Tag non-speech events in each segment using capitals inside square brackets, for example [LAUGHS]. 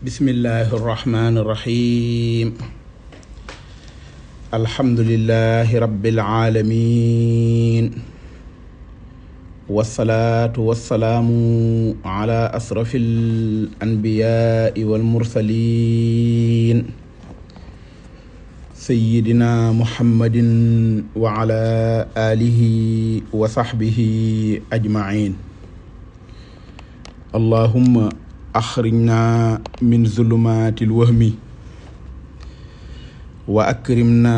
bismillahi irrahmani irrahim alhamdulilahi rabilaalamin wasalaatu wasalaamu ala asrafi alanbiyaai walmursalin sayidina muhammadin wa ala alihi wa saxbihi ajmain allahumma axrijna min zulumaati lwahmi wa akrimna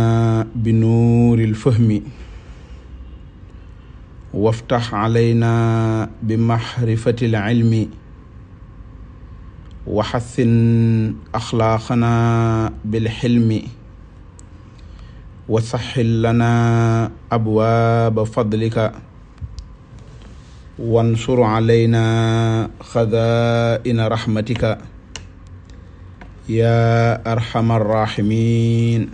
bi nuuri lfahmi waftax calayna bi maxrifati lcilmi wa xassin axlaaqana bilxilmi wa saxil lana abwaaba fadlika wansur alayna xazaa'ina raxmatika yaa arxamar raaximiin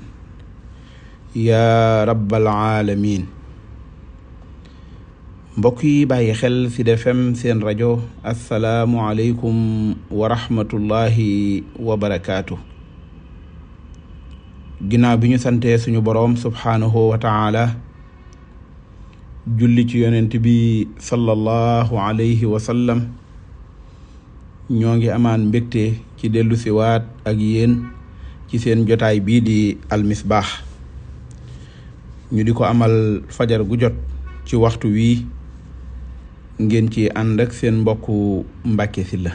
yaa rabbal aalamiin mbokk yi bàyyi xel Sud seen rajo asalaamualeykum wa rahmatullahi wa barakaatu. ginnaaw bi ñu santee suñu boroom subhaanahu wa julli ci yonent bi sallallahu alayhi wa ñoo ngi amaan mbégte ci dellu siwaat ak yéen ci seen jotaay bii di almisbaax ñu di ko amal fajar gu jot ci waxtu wii ngeen ci ànd ak seen mbokku Mbàkke Sylla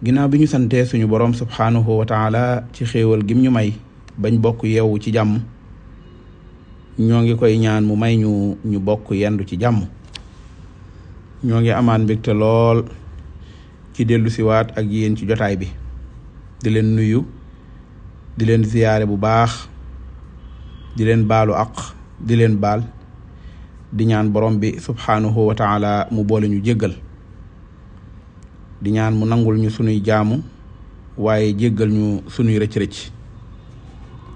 ginnaaw bi ñu santee suñu boroom subhaanahu wa taala ci xéewal gim ñu may bañ bokk yeewu ci jàmm ñoo ngi koy ñaan mu may ñu ñu bokk yendu ci jàmm ñoo ngi amaan mbégte lool ci dellu siwaat ak yéen ci jotaay bi di leen nuyu di leen ziyaare bu baax di leen baalu aq di leen baal di ñaan borom bi subhaanahu wa mu boole ñu jéggal di ñaan mu nangul ñu sunuy jaamu waaye jéggal ñu sunuy rëcc-rëcc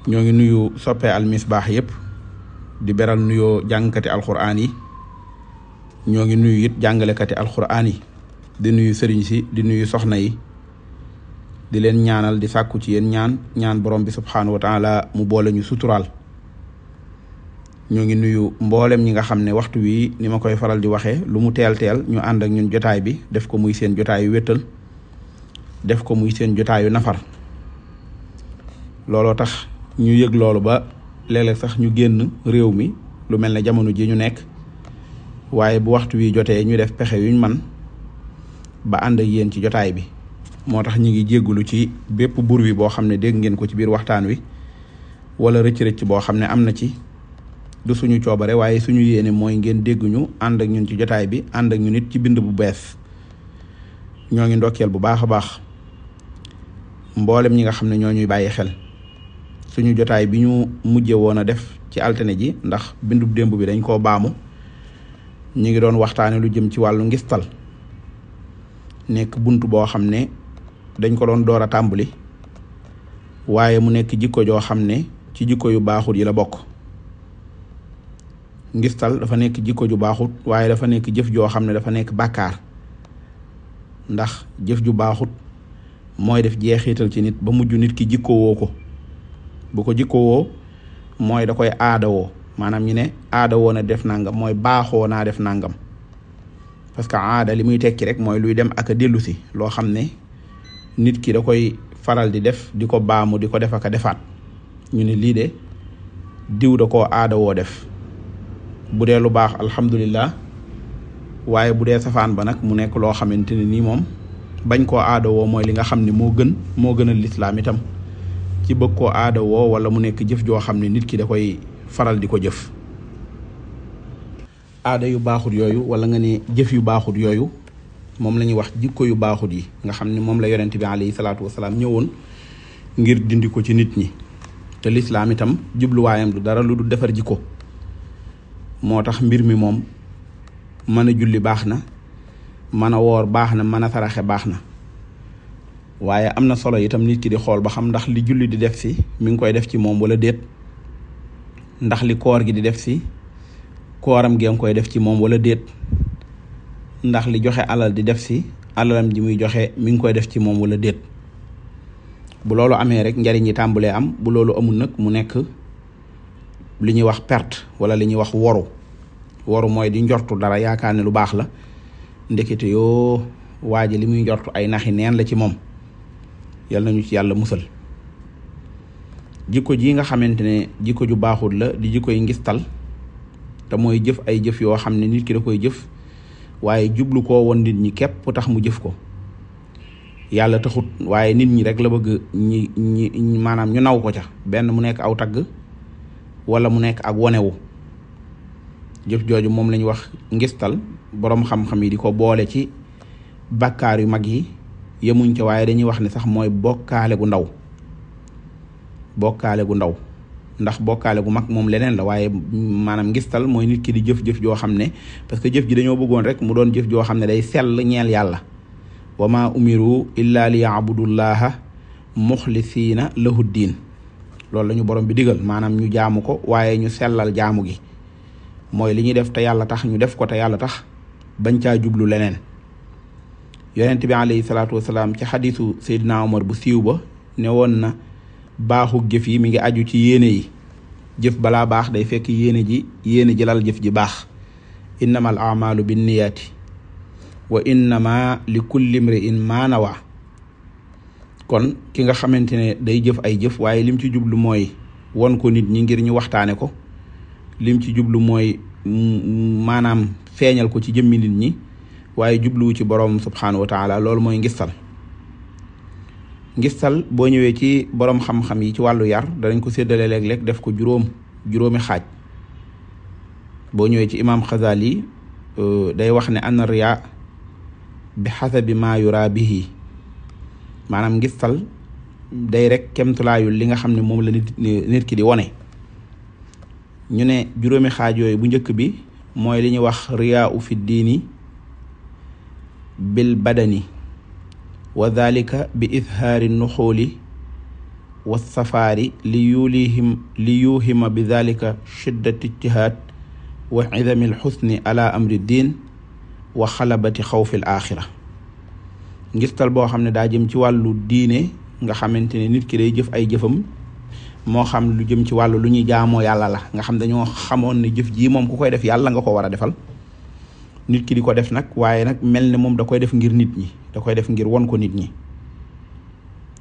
ñoo ngi nuyu soppe Al baax yépp di beral nuyoo jàngkati alxuraan yi ñoo ngi nuyu it jàngalekati alxuraan yi di nuyu sëriñ si di nuyu soxna yi di leen ñaanal di sàkku ci yéen ñaan ñaan borom bi subxanahu wa mu boole ñu suturaal ñoo ngi nuyu mboolem ñi nga xam ne waxtu wi ni ma koy faral di waxee lu mu teel teel ñu ànd ak ñun jotaay bi def ko muy seen jotaayu wéttal def ko muy seen jotaayu nafar looloo tax ñu yëg loolu ba. léeg sax ñu génn réew mi lu mel ne jamono ji ñu nekk waaye bu waxtu wi jotee ñu def pexe yuñ man ba ànd ak yéen ci jotaay bi moo tax ñu ngi jéggulu ci bépp bur wi boo xam ne dégg ngeen ko ci biir waxtaan wi wala rëcc-rëcc boo xam ne am na ci du suñu coobare waaye suñu yéene mooy ngeen dégg ñu ànd ak ñun ci jotaay bi ànd ak ñun it ci bind bu bees ñoo ngi ndokkeel bu baax a baax mboolem ñi nga xam ne ñoo ñuy bàyyi xel suñu jotaay bi ñu mujje woon a def ci altine ji ndax bindu démb bi dañ koo baamu ñu ngi doon waxtaane lu jëm ci wàllu ngistal nekk bunt boo xam ne dañ ko doon door a tàmbali waaye mu nekk jikko joo xam ne ci jikko yu baaxut yi la bokk ngistal dafa nekk jikko ju baaxut waaye dafa nekk jëf joo xam ne dafa nekk bakkaar ndax jëf ju baaxut mooy def jeexital ci nit ba mujj nit ki jikko woo ko bu ko jikkowoo mooy da koy aadawoo maanaam ñu ne aadawoo na def nangam mooy baaxoo naa def nangam parce que aada li muy tekki rek mooy luy dem ak a dellu loo xam ne nit ki da koy faral di def di ko baamu di ko def ak a defaat ñu ne lii de diw da koo aadawoo def bu dee lu baax alhamdulillah waaye bu dee safaan ba nag mu nekk loo xamante ne nii moom bañ koo aadawoo mooy li nga xam ne moo gën moo gënal lislaam itam ci bëgg ko aada woo wala mu nekk jëf joo xam ne nit ki da koy faral di ko jëf aada yu baaxut yooyu wala nga ne jëf yu baaxut yooyu moom lañuy wax jikko yu baaxut yi nga xam ne moom la yonent bi alayhi salaatu wasalaam ñëwoon ngir dindi ko ci nit ñi te lislaam itam jubluwaayam du dara lu du defar jikko moo tax mbir mi moom mën a julli baax na mën a woor baax na mën a saraxe baax na waaye am na solo itam nit ki di xool ba xam ndax li julli di def si mi ngi koy def ci moom wala déet ndax li koor gi di def si kooram gi nga koy def ci moom wala déet ndax li joxe alal di def si alalam ji muy joxe mi ngi koy def ci moom wala déet bu loolu amee rek njariñ yi tàmbalee am bu loolu amul nag mu nekk li ñuy wax perte wala li ñuy wax woru woru mooy di njortu dara yaakaar ne lu baax la ndekete yoo waa ji li muy njortu ay naxi neen la ci moom yal nañu ci yàlla musal jikko ji nga xamante ne jikko ju baaxul la di jikko yi ngistal te mooy jëf ay jëf yoo xam ne nit ki da koy jëf waaye jublu ko woon nit ñi képp tax mu jëf ko yàlla taxut waaye nit ñi rek la bëgg ñi ñi maanaam ñu naw ko ca benn mu nekk aw tagg wala mu nekk ak wonewu jëf jooju moom lañu wax ngistal boroom xam-xam yi di ko boole ci bakkaar yu mag yi yemuñ ca waaye dañuy wax ne sax mooy bokkaale gu ndaw bokkaale gu ndaw ndax bokkaale gu mag moom leneen la waaye maanam ngistal mooy nit ki di jëf-jëf joo xam ne parce que jëf ji dañoo bëggoon rek mu doon jëf joo xam ne day sell ñeel yàlla wa ma umiru illa li yaabudullaha muxlisiina lahu diin loolu lañu borom bi digal maanaam ñu jaamu ko waaye ñu sellal jaamu gi mooy li ñuy def te yàlla tax ñu def ko te yàlla tax bañ caa jublu leneen yonent bi alayhi salaatu wasalaam ci xadisu Seydina Omar bu siiw ba ne woon na baaxu jëf yi mi ngi aju ci yéene yi jëf balaa baax day fekk yéene ji yéene ji lal jëf ji baax innamal amalu binniyaati wa innama li kulli imri'in ma nawa kon ki nga xamante ne day jëf ay jëf waaye lim ci jublu mooy won ko nit ñi ngir ñu waxtaane ko lim ci jublu mooy maanaam feeñal ko ci jëmmi nit ñi waaye jubluwu ci borom subxanahu wa taala loolu mooy ngistal ngistal boo ñëwee ci borom xam-xam yi ci wàllu yar danañ ko séddale léeg-léeg def ko juróom juróomi xaaj boo ñëwee ci imaam Xasaali euh, day wax ne ana riya bi xasabi maa yura bihi maanaam ngistal day rek kemtulaayul li nga xam ne moom la nit nit ki di wone ñu ne juróomi xaaj yooyu bu njëkk bi mooy li ñuy wax riyaa u fi diini bil badani wa dalika bi idhaari nuxuuli wa safaari li yuulihim li yuuhima bi dalika shiddati ijtihaad wa idami alxusni ala amri diin wa xalabati xawfi alaaxira ngistal boo xam ne daa jëm ci wàllu diine nga xamante ne nit ki day jëf ay jëfam moo xam lu jëm ci wàllu lu ñuy jaamoo yàlla la nga xam dañoo xamoon ne jëf jii ku koy def yàlla nga ko war a defal nit ki di ko def nag waaye nag mel ne moom da koy def ngir nit ñi da koy def ngir won ko nit ñi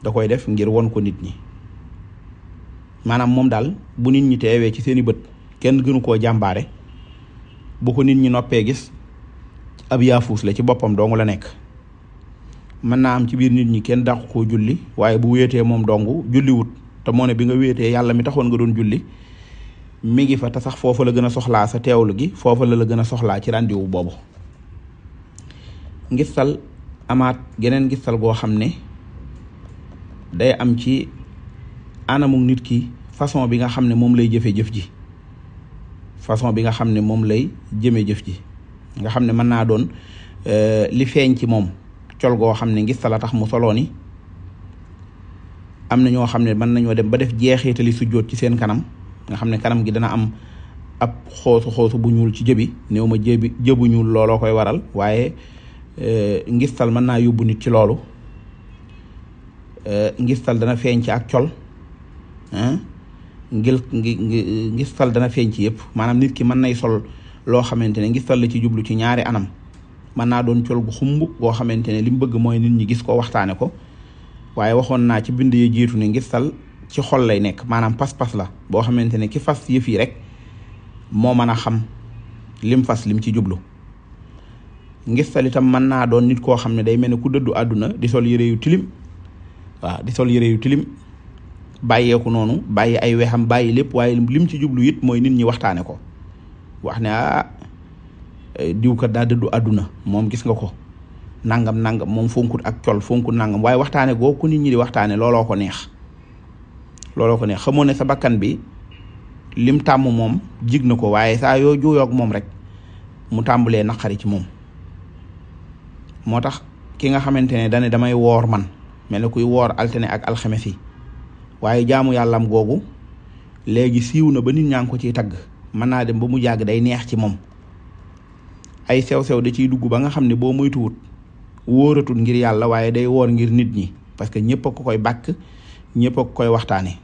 da koy def ngir won ko nit ñi maanaam moom daal bu nit ñi teewee ci seeni bët kenn gënu koo jàmbaare bu ko nit ñi noppee gis ab yaafuus la ci boppam dong la nekk mën naa am ci biir nit ñi kenn dàqu koo julli waaye bu wéetee moom dong julliwut te moo ne bi nga wéetee yàlla mi taxoon nga doon julli mi ngi fa te sax foofa la gën a soxlaa sa teewlu gi foofa la la gën a soxlaa ci ràndiwu boobu ngistal amaat geneen ngistal goo xam ne day am ci anamu nit ki façon bi nga xam ne moom lay jëfe jëf ji façon bi nga xam ne moom lay jëme jëf ji nga xam ne mën naa doon euh, li feeñ ci moom col goo xam ne ngistal a tax mu soloo ni am na ñoo xam ne mën nañoo dem ba def jeexitali sujjóot ci seen kanam nga xam ne kanam gi dana am ab xoosu xoosu bu ñuul ci jëbi néew ma jëbi jëbu ñuul looloo koy waral waaye eh, ngistal man naa yóbbu nit ci loolu eh, ngistal dana feeñ ci ak col eh, ngil ngistal dana feeñ ci yëpp maanaam nit ki mën nay sol loo xamante ne ngistal la ci jublu ci ñaari anam mën naa doon col gu xumb goo xamante ne li mu bëgg mooy nit ñi gis ko waxtaane ko waaye waxoon naa ci bind yi ne ngistal ci xol lay nekk maanaam pas-pas la boo xamante ne ki fas yëf yi rek moo mën a xam lim fas lim ci jublu ngistal itam mën naa doon nit koo xam ne day mel ne ku dëddu àdduna di sol yëre yu tilim waaw di sol yëre yu tilim bàyyeeku noonu bàyyi ay weexam bàyyi lépp waaye lim ci jublu it mooy nit ñi waxtaane ko wax ne ah eh, diw kat daa dëddu àdduna moom gis nga ko nangam nangam moom fonkut ak col fonkut nangam waaye waxtaane goo ku nit ñi di waxtaane looloo ko neex looloo ko ne xamoon ne sa bakkan bi lim tàmm moom jig na ko waaye saa yoo juuyoog moom rek mu tàmbulee naqari ci moom moo tax ki nga xamante ne dane damay woor man mel ne kuy woor altine ak alxemesi yi waaye jaamu yàllam googu léegi siiw na ba nit ñaa ngi ko ciy tagg mën naa dem ba mu jàgg day neex ci moom ay sew-sew da ciy dugg ba nga xam ne boo moytuwut wóoratul ngir yàlla waaye day woor ngir nit ñi parce que ñëpp a ko koy bàkk ñëpp a ko koy waxtaane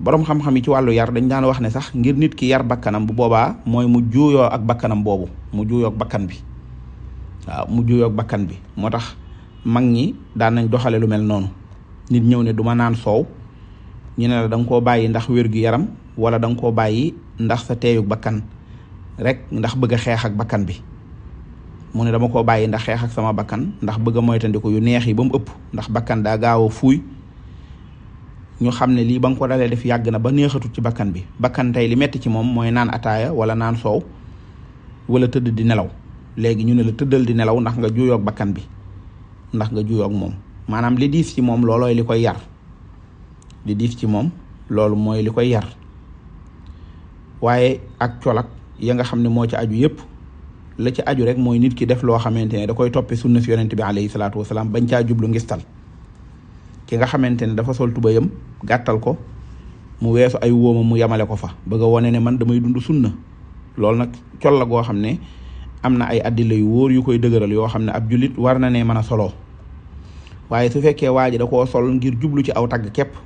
borom xam-xam yi ci wàllu yar dañ daan wax ne sax ngir nit ki yar bakkanam bu boobaa mooy mu juuyoo ak bakkanam boobu mu juuyoo ak bakkan bi waaw mu juuyoo bakkan bi moo tax mag ñi daan nañ doxale lu mel noonu nit ñëw ne duma naan soow ñu ne la da nga koo bàyyi ndax wér gu yaram wala da nga koo bàyyi ndax sa teeyu bakkan rek ndax bëgg a xeex ak bakkan bi mu ne dama koo bàyyi ndax xeex ak sama bakkan ndax bëgg a moytandiku yu neex yi ba mu ëpp ndax bakkan daa gaaw fuuy ñu xam ne lii ba nga ko dalee def yàgg na ba neexatul ci bakkan bi bakkan tey li metti ci moom mooy naan ataaya wala naan soow wala tëdd di nelaw léegi ñu ne la tëddal di nelaw ndax nga juyoog bakkan bi ndax nga juyoog moom maanaam li diis ci moom loolooy li koy yar li diis ci moom loolu mooy li koy yar waaye ak colak yanga xam ne moo ci aju yépp la ci aju rek mooy nit ki def loo xamante ne da koy toppe sunna si yonent bi alayhi salaatu wasalaam bañ caa jublu ngistal ki nga xamante ne dafa sol yam gàttal ko mu weesu ay wóoma mu yamale ko fa bëgg a ne man damay dund sunna loolu nag col la goo xam ne am na ay addila yu wóor yu koy dëgëral yoo xam ne ab jullit war na ne mën a soloo waaye su fekkee waa ji da koo sol ngir jublu ci aw tagg képp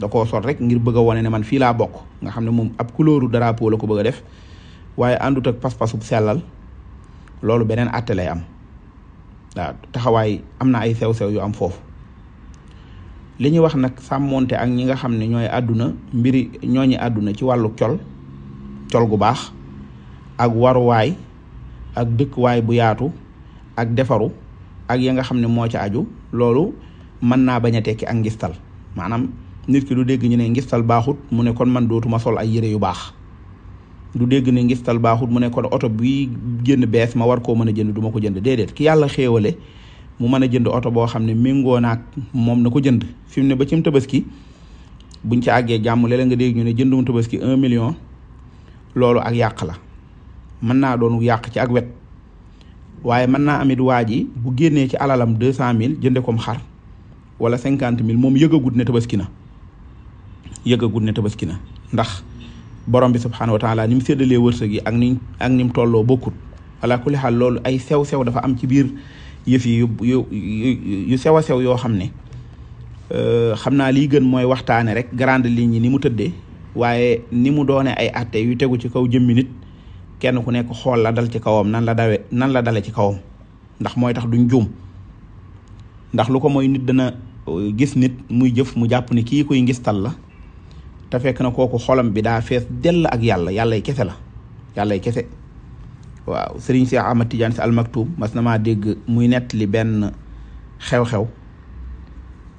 da koo sol rek ngir bëgg a ne man fii laa bokk nga xam ne moom ab couleur drapeau la ko bëgg a def waaye àndut ak pas-pasub sellal loolu beneen àtte lay am waaw taxawaay am na ay sew-sew yu am foofu li ñu wax nag sàmmoonte ak ñi nga xam ne ñooy àdduna mbiri ñooñu àdduna ci wàllu col col gu baax ak waruwaay ak dëkkuwaay bu yaatu ak defaru ak ya nga xam ne moo ca aju loolu man naa bañ a tekki ak ngistal maanaam nit ki du dégg ñu ne ngistal baaxut mu ne kon man dootuma sol ay yére yu baax du dégg ne ngistal baaxut mu ne kon oto bi génn bees ma war koo mën a jënd duma ko jënd déedéet ki yàlla xéewale mu mën a jënd oto boo xam ne méngoo naag moom na ko jënd fi mu ne ba cim tabaski buñ ci àggee jàmm léeg nga dégg ñu ne jëndum tabaski un million loolu ak yàq la mën naa doon yàq ci ak wet waaye mën naa amit waa ji bu génnee ci alalam deux cent mille jënde kom xar wala cinquante mille moom yëgagut ne tabaski na yëgagut ne tabaski na ndax borom bi subxanahu wa taala ni mu séddalee wërsëg yi ak ni ak ni mu tolloo bokkut wala ku li loolu ay sew sew dafa am ci biir. yëf yu sewa sew yoo xam ne euh, xam naa liy gën mooy waxtaane rek grande ligne yi ni mu tëddee waaye ni mu doone ay atte yu tegu ci kaw jëmmi nit kenn ku nekk xool la dal ci kawam nan la dawe nan la dale ci kawam ndax mooy tax duñ juum ndax lu ko mooy nit dana euh, gis nit muy jëf mu jàpp ni kii koy ngistal la te fekk na kooku xolam bi daa fees dell ak yàlla yàllay kese la yàllay kese waaw Serigne Cheikh Ahmad Tidiane si almaktum mas na maa dégg muy nettali benn xew-xew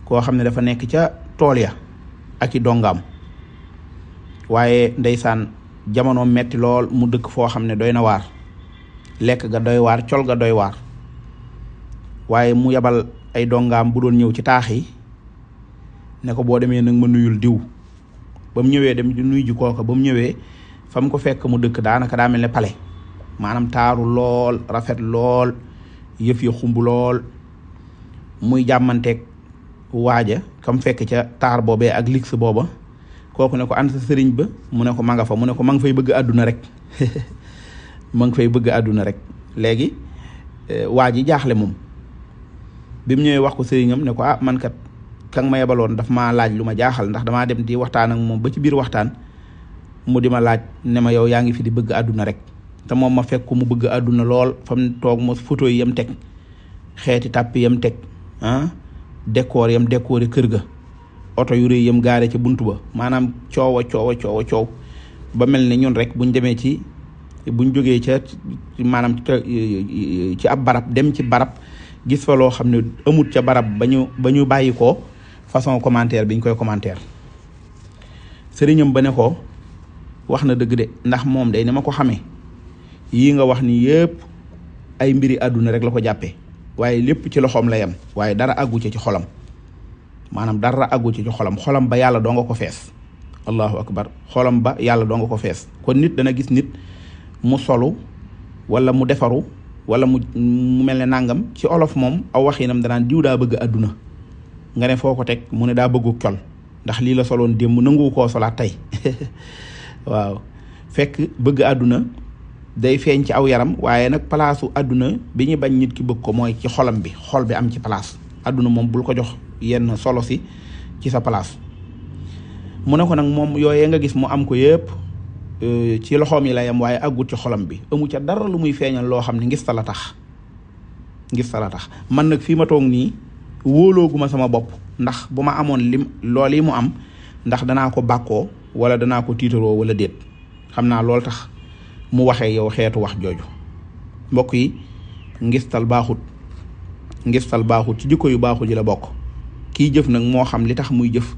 koo xam ne dafa nekk ca tool ya ak i dongaam waaye ndeysaan jamono metti lool mu dëkk foo xam ne doy na waar lekk ga doy waar col ga doy waar waaye mu yabal ay dongaam bu doon ñëw ci taax yi ne ko boo demee nag ma nuyul diw ba mu ñëwee dem di nuyu ji kooka ba mu ñëwee fa mu ko fekk mu dëkk daanaka daa mel ne pale maanaam taaru lool rafet lool yëf ya xumb lool muy jàmmanteeg waaja kam fekke ca taar boobee ak liggs booba kooku ne ko ànd sa sëriñ ba mu ne ko ma nga fa mu ne ko ma nga fay bëgg àdduna rek [LAUGHS] ma nga fay bëgg àdduna rek léegi eh, waa ji jaaxle moom bi mu ñëwee wax ko sëriñam ne ko ah man kat kan ma yebaloon daf maa laaj lu ma jaaxal ndax damaa dem di waxtaan ak moom ba ci biir waxtaan mu di ma laaj ne ma yow yaa ngi fi di bëgg àdduna rek te moom ma fekk ko mu bëgg àdduna lool fa toog mos photo yi yam teg xeeti tàpp yam teg ah décor yam décoré kër ga oto yu rëy yam gaare ca bunt ba maanaam coowa a coow coow ba mel ne ñun rek buñ demee ci buñ jógee ca maanaam ci ab barab dem ci barab gis fa loo xam ne amut ca barab ba ñu ba ñu bàyyi ko façon commentaire biñ koy commentaire sëriñam ba ne ko wax na dëgg de ndax moom day ni ma ko xamee yii nga wax ni yépp ay mbiri àdduna rek la ko jàppee waaye lépp ci loxoom la yem waaye dara àggu ci ci xolam maanaam dara àggu ci ci xolam xolam ba yàlla doo nga ko fees allahu akbar xolam ba yàlla doo nga ko fees kon nit dana gis nit mu solu wala mu defaru wala mu mu mel ne nangam ci olof moom aw waxinam danaan diw daa bëgg àdduna nga ne foo ko teg mu ne daa bëggu col ndax lii la soloon démb nangu koo solaat tey [LAUGHS] waaw fekk bëgg àdduna day feeñ ci aw yaram waaye nag palaasu adduna bi ñu bañ nit ki bëgg ko mooy ci xolam bi xol bi am ci palaas adduna moom bul ko jox yenn solo si ci sa palaas mu ne ko nag moom yooyee nga gis mu am ko yëpp euh, ci loxoom yi la yam waaye aggut ci xolam bi amu ca dara lu muy feeñal loo xam ne ngis ta tax ngis ta tax man nag fii ma toog nii wóolooguma sama bopp ndax bu ma amoon lim lool yi mu am ndax danaa ko bakkoo wala danaa ko tiitaroo wala déet xam naa lool tax mu waxee yow xeetu wax jooju mbokk yi ngistal baaxut ngistal baaxut ci jikko yu baaxut ji la bokk kiy jëf nag moo xam li tax muy jëf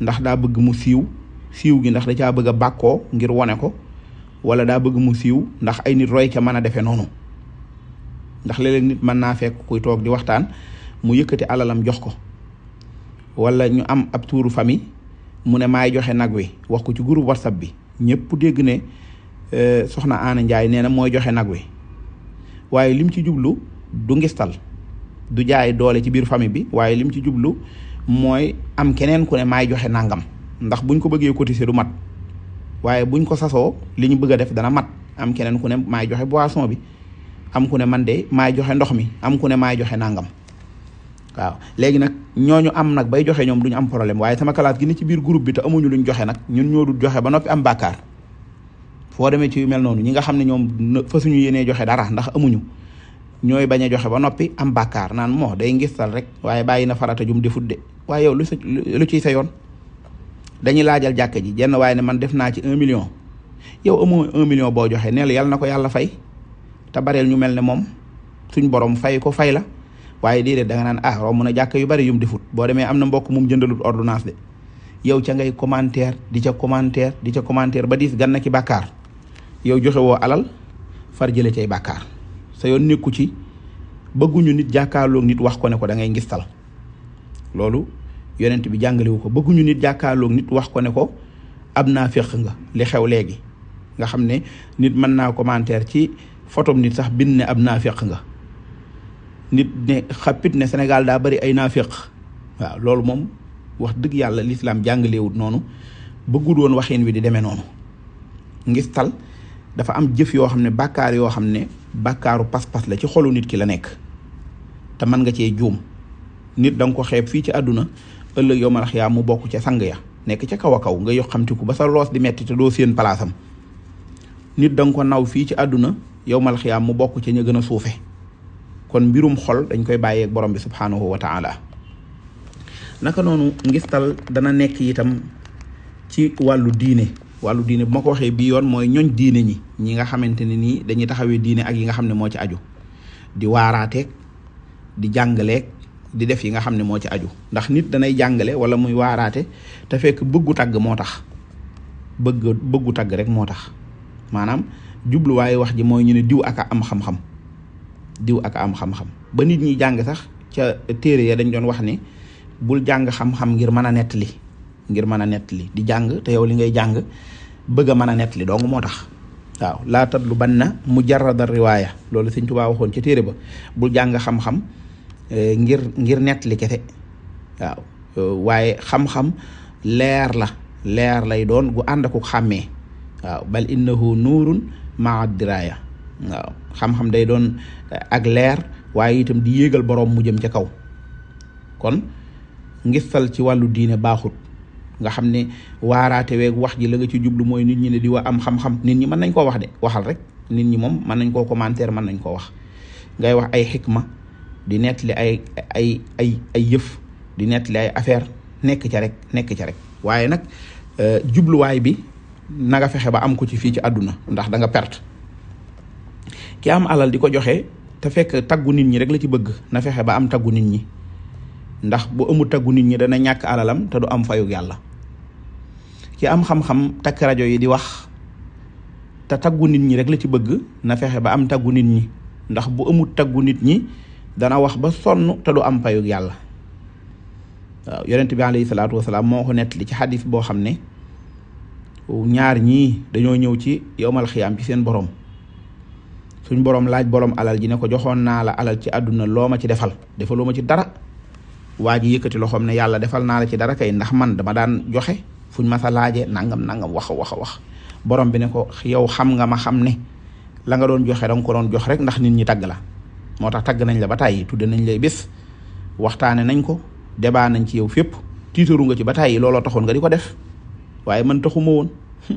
ndax daa bëgg mu siiw siiw gi ndax da bëgg a bàkkoo ngir wone ko wala daa bëgg mu siiw ndax ay nit roy ca mën a defee noonu ndax léeg nit mën naa fekk kuy toog di waxtaan mu yëkkati alalam jox ko wala ñu am ab tuuru famille mu ne maay joxe nag wi wax ko ci groupe whatsapp bi ñëpp dégg ne Euh, soxna Aana Njaay nee na mooy joxe nag wi waaye lim ci jublu du ngistal du jaay doole ci biir famille bi waaye lim ci jublu mooy am keneen ku ne maay joxe nangam ndax buñ ko bëggee cotiser du mat waaye buñ ko sasoo li ñu bëgg a dana mat am keneen ku ne maay joxe boisson bi am ku ne man de maay joxe ndox mi am ku ne maay joxe nangam waaw léegi nag ñooñu am nag bay joxe ñoom duñu am problème waaye sama kalaat gi ne ci biir groupe bi te amuñu luñ joxe nag ñun ñoo joxe ba noppi am bàkkaar foo demee ci yu mel noonu ñi nga xam ne ñoom fa suñu yéenee joxe dara ndax amuñu ñooy bañ a joxe ba noppi am bàkkaar naan moo day ngistal rek waaye bàyyi na farata jum defut de waaye yow lu sa lu ciy sa yoon dañuy laajal jàkka ji jenn waaye ne man def naa ci un million yow amoo un million boo joxe neel yàlla na ko yàlla fay te bareel ñu mel ne moom suñ borom fay ko fay la waaye déedéet da nga naan ah romb na jàkka yu bari yum defut boo demee am na mbokk mum jëndalul ordonnance de yow ca ngay commentaire di ca commentaire di ca commentaire ba diis gan na ki bàkkaar yow joxewoo alal far jële cay bàkkaar sa yoon nekku ci bëgguñu nit jàkkaarloog nit wax ko ne ko da ngay ngistal loolu yonent bi jàngalewu ko bëgguñu nit jàkkaarloog nit wax ko ne ko ab naa féq nga li xew léegi nga xam ne nit mën naa commentaire ci photom nit sax bind ne ab naa féq nga nit ne xappit ne senegal daa bari ay naa féq waaw loolu moom wax dëgg yàlla lislaam jàngalewut noonu bëggul woon waxin wi di demee noonu ngistal dafa am jëf yoo xam ne bàkkaar yoo xam ne bàkkaaru pas-pas la ci xolu nit ki la nekk te mën nga cee juum nit da ko xeeb fii ci àdduna ëllëg yow malax yaa mu bokk ca sang ya nekk ca kaw kaw nga yox xamtiku ba sa loos di metti te doo nit da nga fii ci àdduna yow malax mu bokk ca ña gën a suufe kon mbirum xol dañ koy bàyyeeg borom bi subhaanahu wa taala naka noonu ngistal dana nekk itam ci wàllu diine wàllu diine bu ma ko waxee bii yoon mooy ñoñ diine ñi ñi nga xamante ne nii dañuy taxawee diine ak yi nga xam ne moo ci aju di waaraateeg di jàngaleeg di def yi nga xam ne moo ci aju ndax nit danay jàngale wala muy waaraate te fekk bëggu tàgg moo tax bëgg bëggu rek moo tax maanaam jubluwaayu wax ji mooy ñu ne diw ak am xam-xam diw ak am xam-xam ba nit ñi jàng sax ca téere ya dañ doon wax ni bul jàng xam-xam ngir mën a nettali ngir mën a nettali di jàng te yow li ngay jàng bëgg a mën a nettali dong moo tax waaw laa tatlu banna mujarrada riwaaya loolu sëñ Tuubaa waxoon ci téere ba bul jàng xam-xam eh, ngir ngir nettali kese waaw eh, waaye xam-xam leer la leer lay doon gu ànd ko xàmmee waaw bal innahu nuurun maa diraaya waaw xam-xam day doon eh, ak leer waaye itam di yéegal boroom mu jëm ca kaw kon ngistal ci wàllu diine baaxut nga xam ne waaraate weeg wax ji la nga ci jublu mooy nit ñi ne di wa am xam-xam nit ñi mën nañ koo wax de waxal rek nit ñi moom mën nañ koo commentaire mën nañ koo wax ngay wax ay xikma di nettali ay ay ay ay yëf di nettali ay affaire nekk ca rek nekk ca rek waaye nag euh, jubluwaay bi naga fexe ba am ko ci fii ci àdduna ndax danga perte ki am alal di ko joxe te fekk taggu nit ñi rek la ci bëgg na fexe ba am taggu nit ñi ndax bu amul taggu nit ñi dana ñàkk alalam ta du am fayug yàlla ki am xam-xam takk rajo yi di wax te taggu nit ñi rek la ci bëgg na fexe ba am taggu nit ñi ndax bu amul taggu nit ñi dana wax ba sonn te du am payug yàlla waaw yonent bi alayhi salaatu wasalaam moo ko nettali ci xadis boo xam ne ñaar ñii dañoo ñëw ci yowmal xiyaam ci seen borom suñ borom laaj borom alal ji ne ko joxoon naa la alal ci àdduna loo ma ci defal defaloo ci dara waa ji yëkkati loxoom ne yàlla defal naa la ci dara kay ndax man dama daan joxe fuñ ma sa laajee nangam nangam wax wax wax borom bi ne ko yow xam nga ma xam ne la nga doon joxe danga ko doon jox rek ndax nit ñi tagg la moo tax tagg nañ la ba tàyyi de nañ lay bés waxtaane nañ ko deba nañ ci yow fépp tiitaru nga ci ba tàyyi looloo taxoon nga di ko def waaye man taxuma woon [LAUGHS]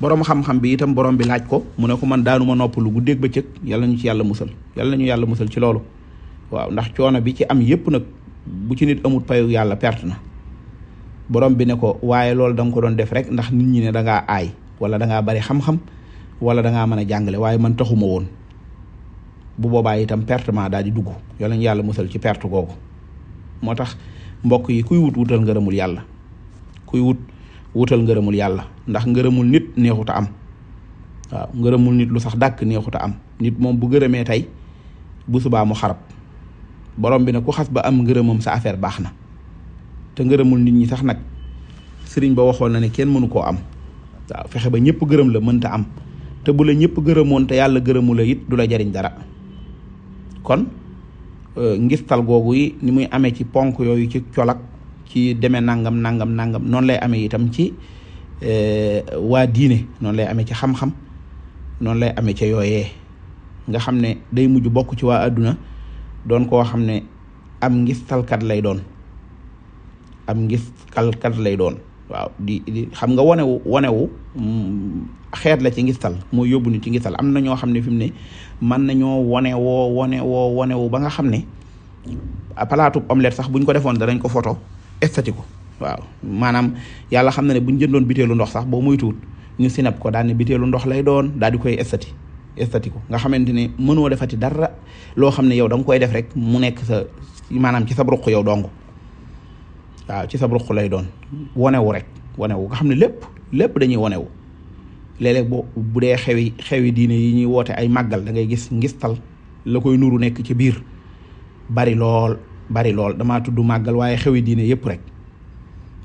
borom xam-xam bi itam borom bi laaj ko mu ne ko man daanuma nopp lu guddeeg bëccëg yàlla ñu ci yàlla musal yàlla ñu yàlla musal ci loolu waaw ndax coono bi ci am yépp nag bu ci nit amut payu yàlla perte na borom bi ne ko waaye loolu da nga ko doon def rek ndax nit ñi ne da aay wala da ngaa bari xam-xam wala da ngaa mën a jàngale waaye man taxuma woon bu boobaa itam pertement daal di dugg yal nañu yàlla musal ci perte googu moo tax mbokk yi kuy wut wutal ngërëmul yàlla kuy wut wutal ngërëmul yàlla ndax ngërëmul nit neexut a am waaw ngërëmul nit lu sax dàkk neexut a am nit moom bu gërëmee tey bu subaa xarab borom bi nag ku xas ba am ngërëmam sa affaire baax na te ngërëmul nit ñi sax nag sëriñ ba waxoon na ne kenn mënu koo am fexe ba ñëpp gërëm la mënta am te bu la ñëpp gërëmoon te yàlla gërëmu la it du la jariñ dara kon euh, ngistal googu yi ni muy amee ci ponk yooyu ci colak ci demee nangam nangam nangam noonu lay amee itam ci euh, waa diine noonu lay amee ci xam-xam noonu lay amee ca yooyee nga xam ne day mujj bokk ci waa àdduna don koo xam ne am ngistalkat lay doon am ngistalkat lay doon waaw di xam nga wane wu mm, xeet la ci ngistal mooy yóbbu nu ci ngistal am na ñoo xam ne fi mu ne mën nañoo wane woo wane woo wane wu ba nga xam ne palaatub omelette sax buñ ko defoon danañ ko photo estati ko waaw maanaam yàlla xam na ne buñ jëndoon biteelu ndox sax boo moytuwut ñu sinab ko daal ne biteelu ndox lay doon daal di koy estati estatiku nga xamante ne mënoo defati dara loo xam ne yow da koy def rek mu nekk sa maanaam ci sa ruq yow dong waaw ci sa ruq lay doon wonewu rek wonewu nga xam ne lépp lépp dañuy wonewu léeg bo bu dee xewi xewi diine yi ñuy woote ay màggal da ngay gis ngistal la koy nuru nekk ci biir bari lool bari lool damaa tudd màggal waaye xewi diine yépp rek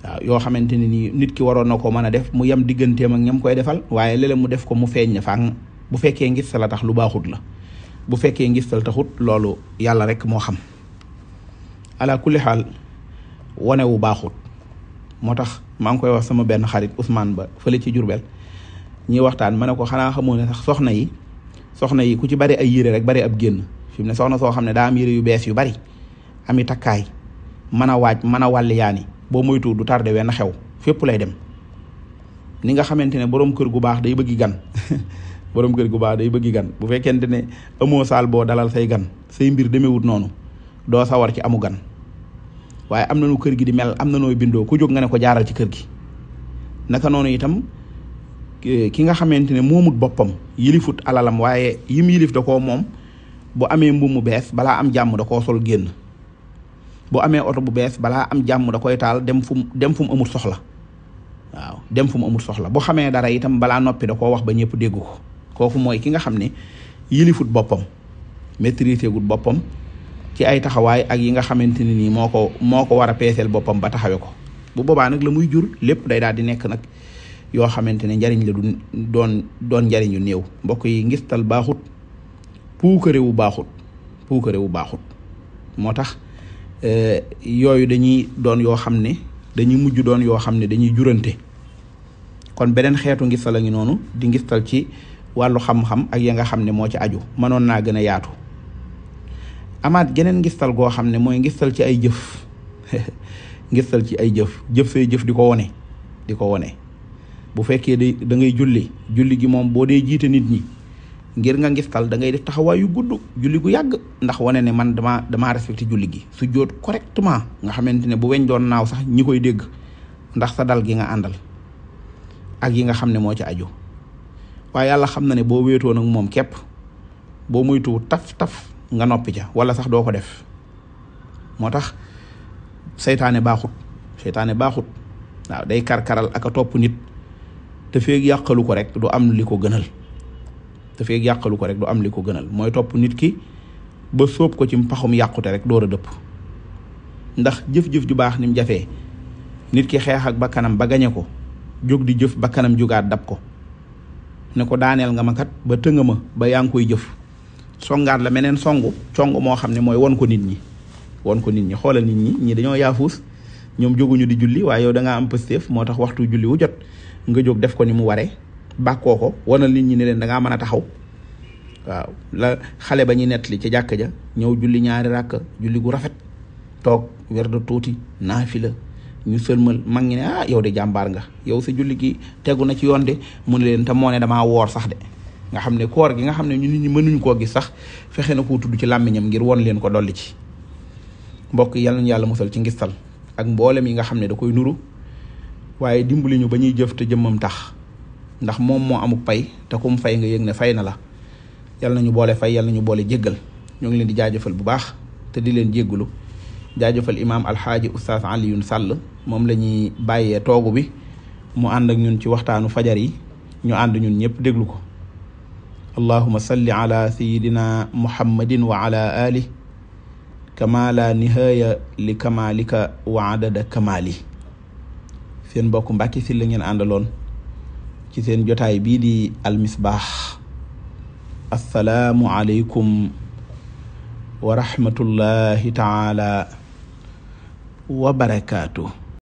waaw yoo xamante ne nii nit ki waroon na ko mën a def mu yem digganteem ak ñam koy defal waaye léeg mu def ko mu feeñ na fang bu fekkee ngistal la tax lu baaxut la bu fekkee ngistal taxut loolu yàlla rek moo xam ala kulli xaal wane wu baaxut moo tax maa ngi koy wax sama benn xarit Ousmane ba fële ci Jurbel ñuy waxtaan ma ne ko xanaa xamoo ne sax soxna yi soxna yi ku ci bari ay yére rek bari ab génn fi mu ne soxna soo xam ne daa am yére yu bees yu bari ami takkaay mën a waaj mën a wàlli yaani boo moytu du tardé wenn xew fépp lay dem ni nga xamante ne boroom kër gu baax day bëgg gan [LAUGHS] borom kër gu baax day bëggi gan bu fekkente ne amoo saal boo dalal say gan say mbir demewut noonu doo sawar ci amu gan waaye am na nu kër gi di mel am na nooy bindoo ku jog nga ne ko jaaral ci kër gi naka noonu itam ki nga xamante ne moomut boppam yilifut alalam waaye yim yilif da koo moom boo amee mbubb mu bees balaa am jàmm da koo sol génn boo amee oto bu bees balaa am jàmm da koy taal dem fu mu fu mu amul soxla waaw dem fu mu amul soxla boo xamee dara itam balaa noppi da koo wax ba ñëpp dégg ko kooku mooy ki nga xam ne yilifut boppam maîtriser gut boppam ci ay taxawaay ak yi nga xamante ne nii moo ko moo ko war a peeseel boppam ba taxawe ko bu boobaa nag la muy jur lépp day daal di nekk nag yoo xamante ne njariñ la du doon doon njariñu néew mbokk yi ngistal baaxut puukare wu baaxut puukare wu baaxut moo tax euh, yooyu dañuy doon yoo xam ne dañuy mujj doon yoo xam ne dañuy jurante kon beneen xeetu ngistal a ngi noonu di ngistal ci wàllu xam-xam ak ya nga xam ne moo ci aju mënoon naa gën a yaatu amaat geneen ngistal goo xam ne mooy ngistal ci ay jëf [LAUGHS] ngistal ci ay jëf jëf say jëf di ko wone di ko wone bu fekkee da da ngay julli julli gi moom boo dee jiite nit ñi ngir nga ngistal da ngay def taxawaay yu gudd julli gu yàgg ndax wane ne man damaa damaa respecté julli gi su jóot correctement nga xamante ne boo weñ doon naaw sax ñi koy dégg ndax sa dal gi nga àndal ak yi nga xam ne moo ci aju waaye yàlla xam na ne boo wéetoo nag moom képp boo moytuwul taf taf nga noppi ca wala sax doo ko def moo tax seytaane baaxut seytaane baaxut waaw day karkaral ak a topp nit te feeg yàqalu ko rek du am li ko gënal te feeg yàqalu ko rek du am li ko gënal mooy topp nit ki ba soob ko ci paxum yàqute rek door a dëpp ndax jëf-jëf ju baax ni mu jafee nit ki xeex ba kanam ba gañe ko jóg di jëf ba kanam jugaat dab ko ne ko daaneel nga ma kat ba tënga ma ba yaa ngi koy jëf songaat la meneen songu cong moo xam ne mooy won ko nit ñi won ko nit ñi xoolal nit ñi ñi dañoo yaafuus ñoom jóguñu di julli waaye yow da am pëstéef moo tax waxtu julli wu jot nga jóg def ko ni mu waree bàkkoo ko wanal nit ñi ne leen da ngaa mën a taxaw waaw la xale ba ñuy nettali ca jàkk ja ñëw julli ñaari ràkk julli gu rafet toog werdu tuuti naafila ñu sëlmal mag ñi ne ah yow de jàmbaar nga yow sa julli gi tegu na ci yoon de mu ne leen te moo ne damaa woor sax de nga xam ne koor gi nga xam ne ñu nit ñi mënuñu koo gis sax fexe na koo tudd ci làmmiñam ngir won leen ko dolli ci mbokk yal nañu yàlla musal ci ngistal ak mboolem yi nga xam ne da koy nuru waaye dimbali ñu ba ñuy jëf te jëmmam tax ndax moom moo amuk pay te kum fay nga yëg ne fay na la yal ñu boole fay yal ñu boole jéggal ñoo ngi leen di jaajëfal bu baax te di leen jéggalu jaajëfal imaam alxaaji oustaz Alioune Sall moom la ñuy bàyyee toogu bi mu ànd ñun ci waxtaanu fajar yi ñu ànd ñun ñëpp déglu ko allahuma salli ala sayidina muhammadin wa ala ali kama nihaaya li kamalika wa adada kamali seen mbokk Mbàkke Sylla ngeen àndaloon ci seen jotaay bii di almisbaax assalaamu aleykum wa rahmatullahi taala wa barakaatu